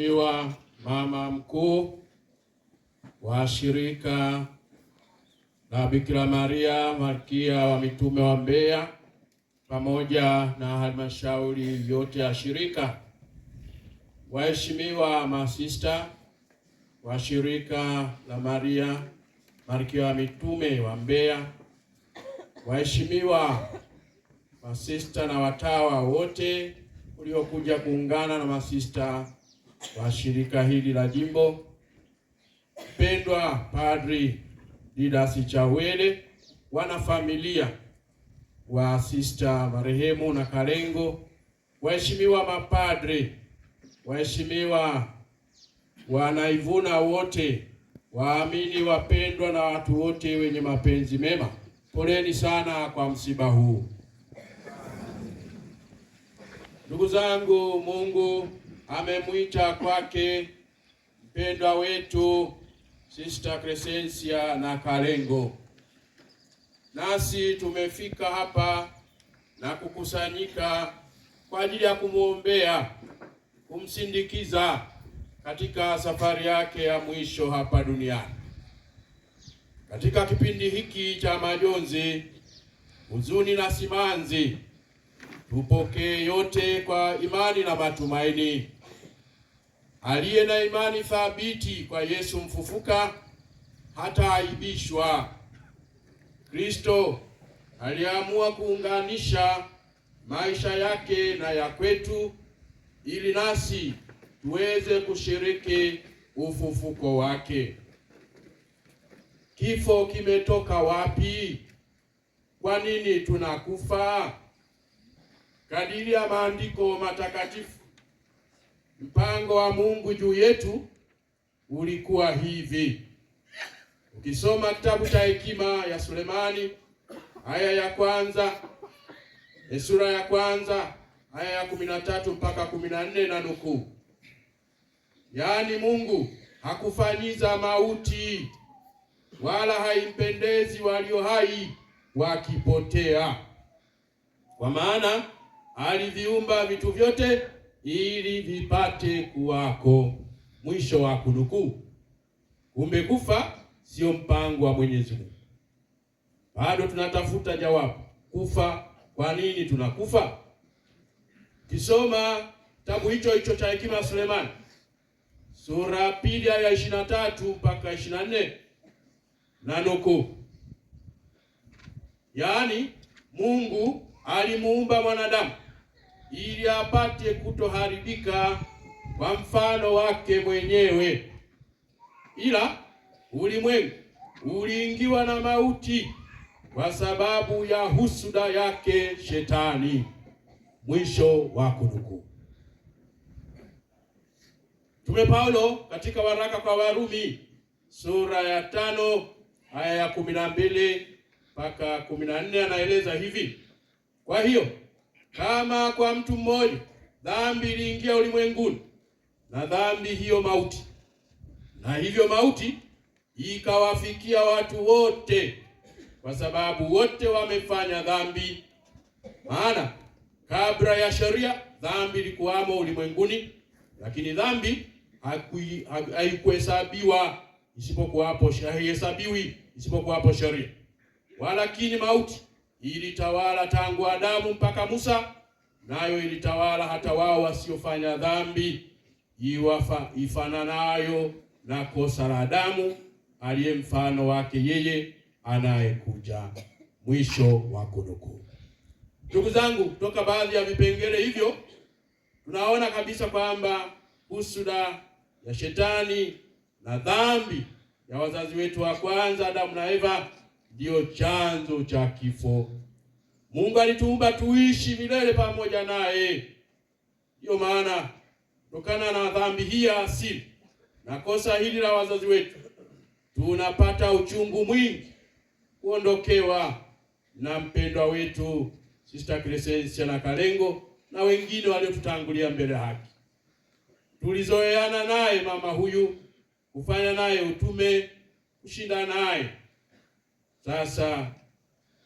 Mheshimiwa Mama Mkuu wa Shirika la Bikira Maria Malkia wa Mitume wa Mbeya pamoja na halmashauri yote ya shirika, waheshimiwa masista wa Shirika la Maria Malkia wa Mitume wa Mbeya, waheshimiwa masista na watawa wote uliokuja kuungana na masista wa shirika hili la jimbo, mpendwa Padri Didas Chawele, wanafamilia wa sista marehemu na Kalengo, waheshimiwa mapadre waheshimiwa wanaivuna wote, waamini wapendwa na watu wote wenye mapenzi mema, poleni sana kwa msiba huu. Ndugu zangu, Mungu amemwita kwake mpendwa wetu Sister Crescencia na Kalengo. Nasi tumefika hapa na kukusanyika kwa ajili ya kumwombea, kumsindikiza katika safari yake ya mwisho hapa duniani. Katika kipindi hiki cha majonzi, huzuni na simanzi, tupokee yote kwa imani na matumaini aliye na imani thabiti kwa Yesu mfufuka hataaibishwa. Kristo aliamua kuunganisha maisha yake na ya kwetu ili nasi tuweze kushiriki ufufuko wake. Kifo kimetoka wapi? Kwa nini tunakufa? Kadiri ya maandiko matakatifu Mpango wa Mungu juu yetu ulikuwa hivi. Ukisoma kitabu cha Hekima ya Sulemani aya ya kwanza e, sura ya kwanza aya ya kumi na tatu mpaka kumi na nne na nukuu, yaani Mungu hakufanyiza mauti wala haimpendezi walio hai wakipotea, kwa maana aliviumba vitu vyote ili vipate kuwako. Mwisho wa kunukuu. Kumbe kufa sio mpango wa Mwenyezi Mungu. Bado tunatafuta jawabu, kufa, kwa nini tunakufa? Kisoma kitabu hicho hicho cha hekima ya Sulemani sura pili ya ishirini na tatu mpaka ishirini na nne na nukuu, yaani Mungu alimuumba mwanadamu ili apate kutoharibika kwa mfano wake mwenyewe. Ila ulimwengu uliingiwa na mauti kwa sababu ya husuda yake Shetani. Mwisho wa kunukuu. Mtume Paulo katika waraka kwa Warumi sura ya tano aya ya kumi na mbili mpaka kumi na nne anaeleza hivi: kwa hiyo kama kwa mtu mmoja dhambi iliingia ulimwenguni, na dhambi hiyo mauti, na hivyo mauti ikawafikia watu wote, kwa sababu wote wamefanya dhambi. Maana kabla ya sheria dhambi ilikuwamo ulimwenguni, lakini dhambi haikuhesabiwa isipokuwapo, haihesabiwi isipokuwapo sheria. Walakini mauti ilitawala tangu Adamu mpaka Musa, nayo ilitawala hata wao wasiofanya dhambi iwafa ifananayo na kosa la Adamu aliye mfano wake yeye anayekuja. Mwisho wa kunukuu. Ndugu zangu, toka baadhi ya vipengele hivyo tunaona kabisa kwamba husuda ya shetani na dhambi ya wazazi wetu wa kwanza Adamu na Eva ndiyo chanzo cha kifo. Mungu alituumba tuishi milele pamoja naye. Ndiyo maana kutokana na dhambi hii ya asili na kosa hili la wazazi wetu, tunapata uchungu mwingi kuondokewa na mpendwa wetu Sister Crescencia na Kalengo na wengine waliotutangulia mbele haki. Tulizoeana naye mama huyu, kufanya naye utume, kushinda naye sasa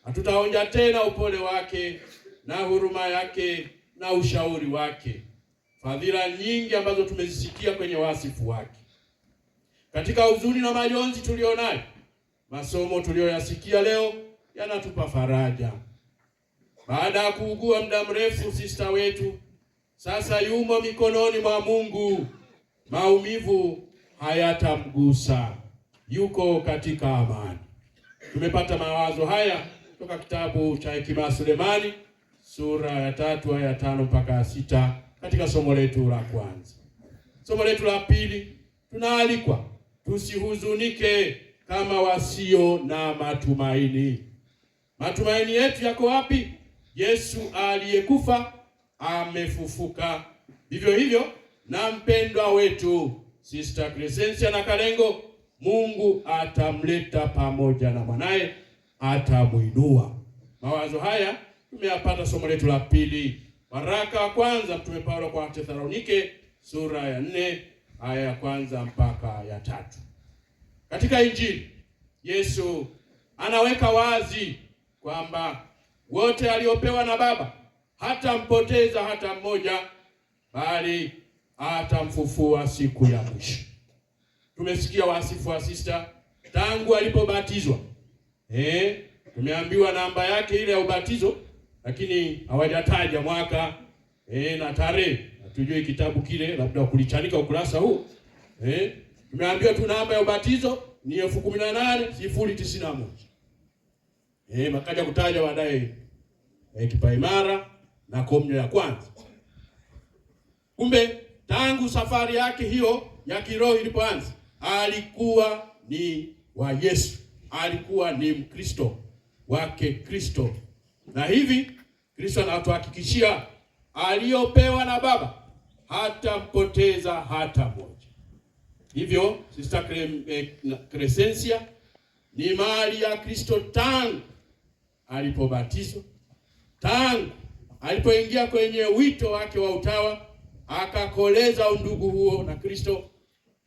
hatutaonja tena upole wake na huruma yake na ushauri wake, fadhila nyingi ambazo tumezisikia kwenye wasifu wake. Katika huzuni na majonzi tulionayo, masomo tuliyoyasikia leo yanatupa faraja. Baada ya kuugua muda mrefu, sista wetu sasa yumo mikononi mwa Mungu. Maumivu hayatamgusa, yuko katika amani. Tumepata mawazo haya kutoka kitabu cha Hekima ya Sulemani sura ya tatu aya ya tano mpaka ya sita katika somo letu la kwanza. Somo letu la pili, tunaalikwa tusihuzunike kama wasio na matumaini. Matumaini yetu yako wapi? Yesu aliyekufa amefufuka. Vivyo hivyo na mpendwa wetu Sister Crescentia na Kalengo Mungu atamleta pamoja na mwanaye, atamwinua. Mawazo haya tumeyapata somo letu la pili, waraka wa kwanza Mtume Paulo kwa tesalonike sura ya nne aya ya kwanza mpaka ya tatu. Katika Injili Yesu anaweka wazi kwamba wote aliopewa na Baba hatampoteza hata mmoja, bali atamfufua siku ya mwisho tumesikia wasifu wa sister tangu alipobatizwa eh, tumeambiwa namba yake ile ya ubatizo, lakini hawajataja mwaka eh, na tarehe. Hatujui kitabu kile, labda kulichanika ukurasa huu eh, tumeambiwa tu namba ya ubatizo ni elfu kumi na nane sifuri tisini na moja eh, makaja kutaja baadaye eh, kipaimara na komnyo ya kwanza. Kumbe tangu safari yake hiyo ya kiroho ilipoanza alikuwa ni wa Yesu, alikuwa ni Mkristo wake Kristo, na hivi Kristo anatuhakikishia aliyopewa na Baba hatampoteza hata moja. Hivyo Sister eh, Crescencia ni mali ya Kristo tangu alipobatizwa, tangu alipoingia kwenye wito wake wa utawa, akakoleza undugu huo na Kristo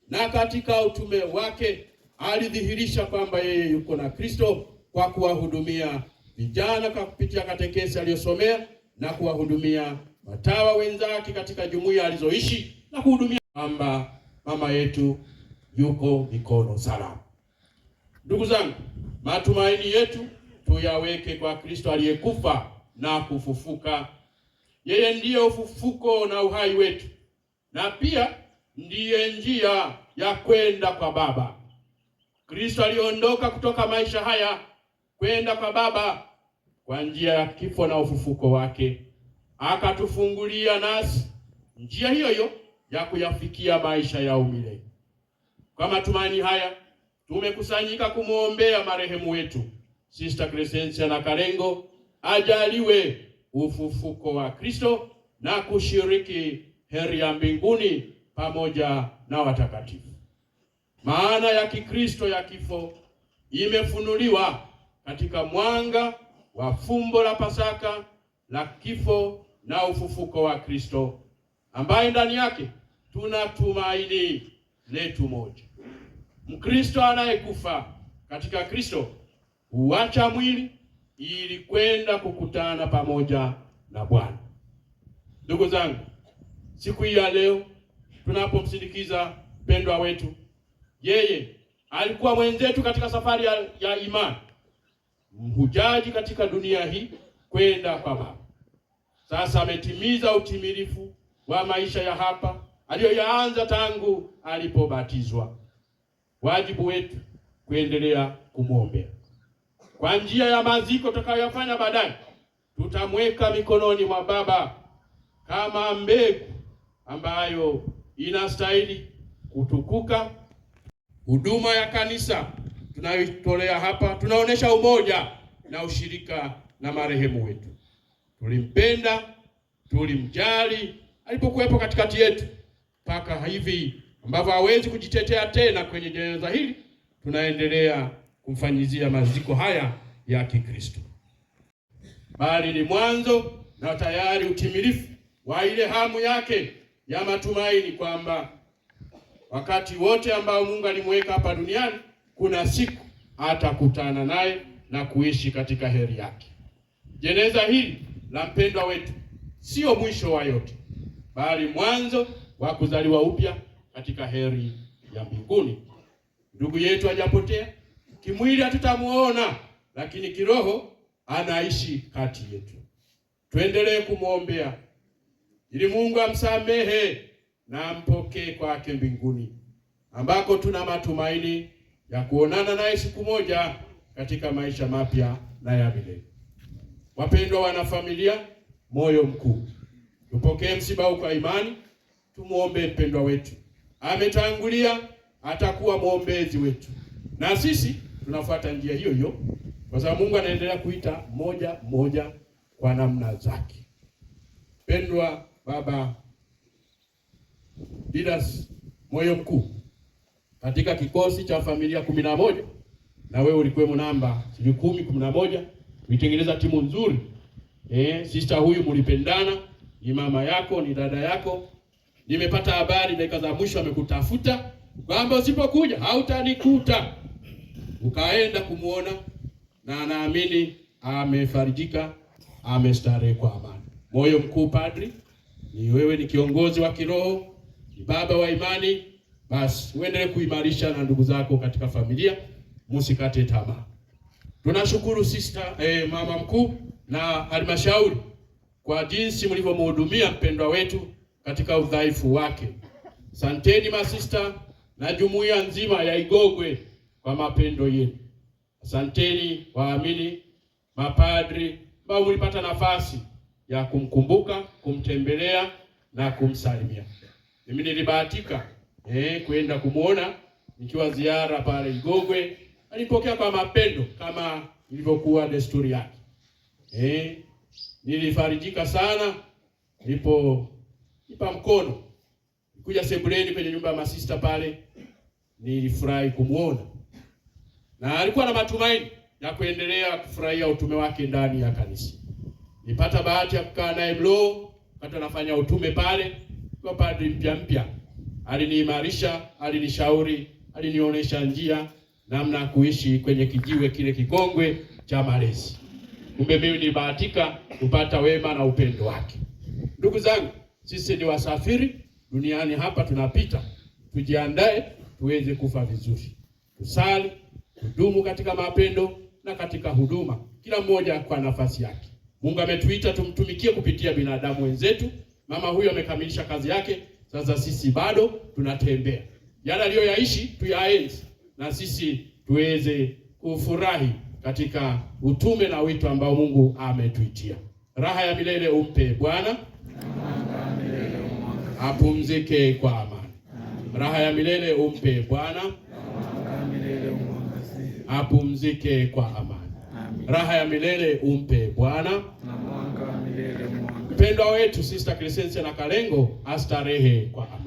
na katika utume wake alidhihirisha kwamba yeye yuko na Kristo kwa kuwahudumia vijana kwa kupitia katekesi aliyosomea na kuwahudumia watawa wenzake katika jumuiya alizoishi na kuhudumia kwamba mama yetu yuko mikono salama. Ndugu zangu, matumaini yetu tuyaweke kwa Kristo aliyekufa na kufufuka. Yeye ndiye ufufuko na uhai wetu, na pia ndiye njia ya kwenda kwa Baba. Kristo aliondoka kutoka maisha haya kwenda kwa Baba kwa njia ya kifo na ufufuko wake, akatufungulia nasi njia hiyo hiyo ya kuyafikia maisha ya umilele. Kwa matumaini haya tumekusanyika kumwombea marehemu wetu Sister Crescentia na Karengo ajaliwe ufufuko wa Kristo na kushiriki heri ya mbinguni pamoja na watakatifu. Maana ya Kikristo ya kifo imefunuliwa katika mwanga wa fumbo la Pasaka la kifo na ufufuko wa Kristo, ambaye ndani yake tuna tumaini letu moja. Mkristo anayekufa katika Kristo huacha mwili ili kwenda kukutana pamoja na Bwana. Ndugu zangu, siku hii ya leo tunapomsindikiza mpendwa wetu. Yeye alikuwa mwenzetu katika safari ya, ya imani, mhujaji katika dunia hii kwenda kwa Baba. Sasa ametimiza utimilifu wa maisha ya hapa aliyoyaanza tangu alipobatizwa. Wajibu wetu kuendelea kumwombea. Kwa njia ya maziko tutakayofanya baadaye, tutamweka mikononi mwa Baba kama mbegu ambayo inastahili kutukuka. Huduma ya kanisa tunayoitolea hapa, tunaonyesha umoja na ushirika na marehemu wetu. Tulimpenda, tulimjali alipokuwepo katikati yetu, mpaka hivi ambavyo hawezi kujitetea tena kwenye jeneza hili, tunaendelea kumfanyizia maziko haya ya Kikristo, bali ni mwanzo na tayari utimilifu wa ile hamu yake ya matumaini kwamba wakati wote ambao Mungu alimweka hapa duniani kuna siku atakutana naye na kuishi katika heri yake. Jeneza hili la mpendwa wetu sio mwisho wa yote, bali mwanzo wa kuzaliwa upya katika heri ya mbinguni. Ndugu yetu hajapotea kimwili, hatutamuona lakini kiroho anaishi kati yetu. Tuendelee kumwombea ili Mungu amsamehe na ampokee kwake mbinguni ambako tuna matumaini ya kuonana naye siku moja katika maisha mapya na ya milele. Wapendwa wanafamilia, moyo mkuu, tupokee msiba huu kwa imani. Tumuombe mpendwa wetu, ametangulia, atakuwa mwombezi wetu, na sisi tunafuata njia hiyo hiyo, kwa sababu Mungu anaendelea kuita moja moja kwa namna zake. Pendwa Baba Didas Moyo Mkuu katika kikosi cha familia kumi na moja na wewe ulikuwemo namba sijui kumi kumi na moja kuitengeneza timu nzuri eh, sister huyu mlipendana, ni mama yako, ni dada yako. Nimepata habari dakika za mwisho amekutafuta kwamba usipokuja hautanikuta. Ukaenda kumuona na naamini amefarijika, amestarehe kwa amani. Moyo Mkuu Padri ni wewe ni kiongozi wa kiroho, ni baba wa imani, basi uendelee kuimarisha na ndugu zako katika familia, msikate tamaa. Tunashukuru sister, eh, mama mkuu na halmashauri kwa jinsi mlivyomhudumia mpendwa wetu katika udhaifu wake. santeni masista na jumuiya nzima ya Igogwe kwa mapendo yenu. Asanteni waamini, mapadri ambao mlipata nafasi ya kumkumbuka, kumtembelea na kumsalimia. Mimi nilibahatika eh, kwenda kumwona nikiwa ziara pale Igogwe. Alipokea kwa mapendo kama ilivyokuwa desturi yake. Eh, nilifarijika sana nilipo nipa mkono kuja sebuleni kwenye nyumba ya masista pale, nilifurahi kumwona na alikuwa na matumaini ya kuendelea kufurahia utume wake ndani ya kanisa. Nipata bahati ya kukaa naye Mlowo wakati anafanya utume pale, kwa padri mpya mpya, aliniimarisha, alinishauri, alinionyesha njia namna ya kuishi kwenye kijiwe kile kikongwe cha malezi. Kumbe mimi nibahatika kupata wema na upendo wake. Ndugu zangu, sisi ni wasafiri duniani hapa, tunapita. Tujiandae tuweze kufa vizuri, tusali, kudumu katika mapendo na katika huduma, kila mmoja kwa nafasi yake. Mungu ametuita tumtumikie kupitia binadamu wenzetu. Mama huyo amekamilisha kazi yake, sasa sisi bado tunatembea. Yale aliyoyaishi tuyaenzi, na sisi tuweze kufurahi katika utume na wito ambao Mungu ametuitia. Raha ya milele umpe Bwana, apumzike kwa amani. Raha ya milele umpe Bwana, apumzike kwa amani raha ya milele umpe Bwana na mwanga wa milele mwanga. Mpendwa wetu Sister Crescencia na Kalengo astarehe kwa amani.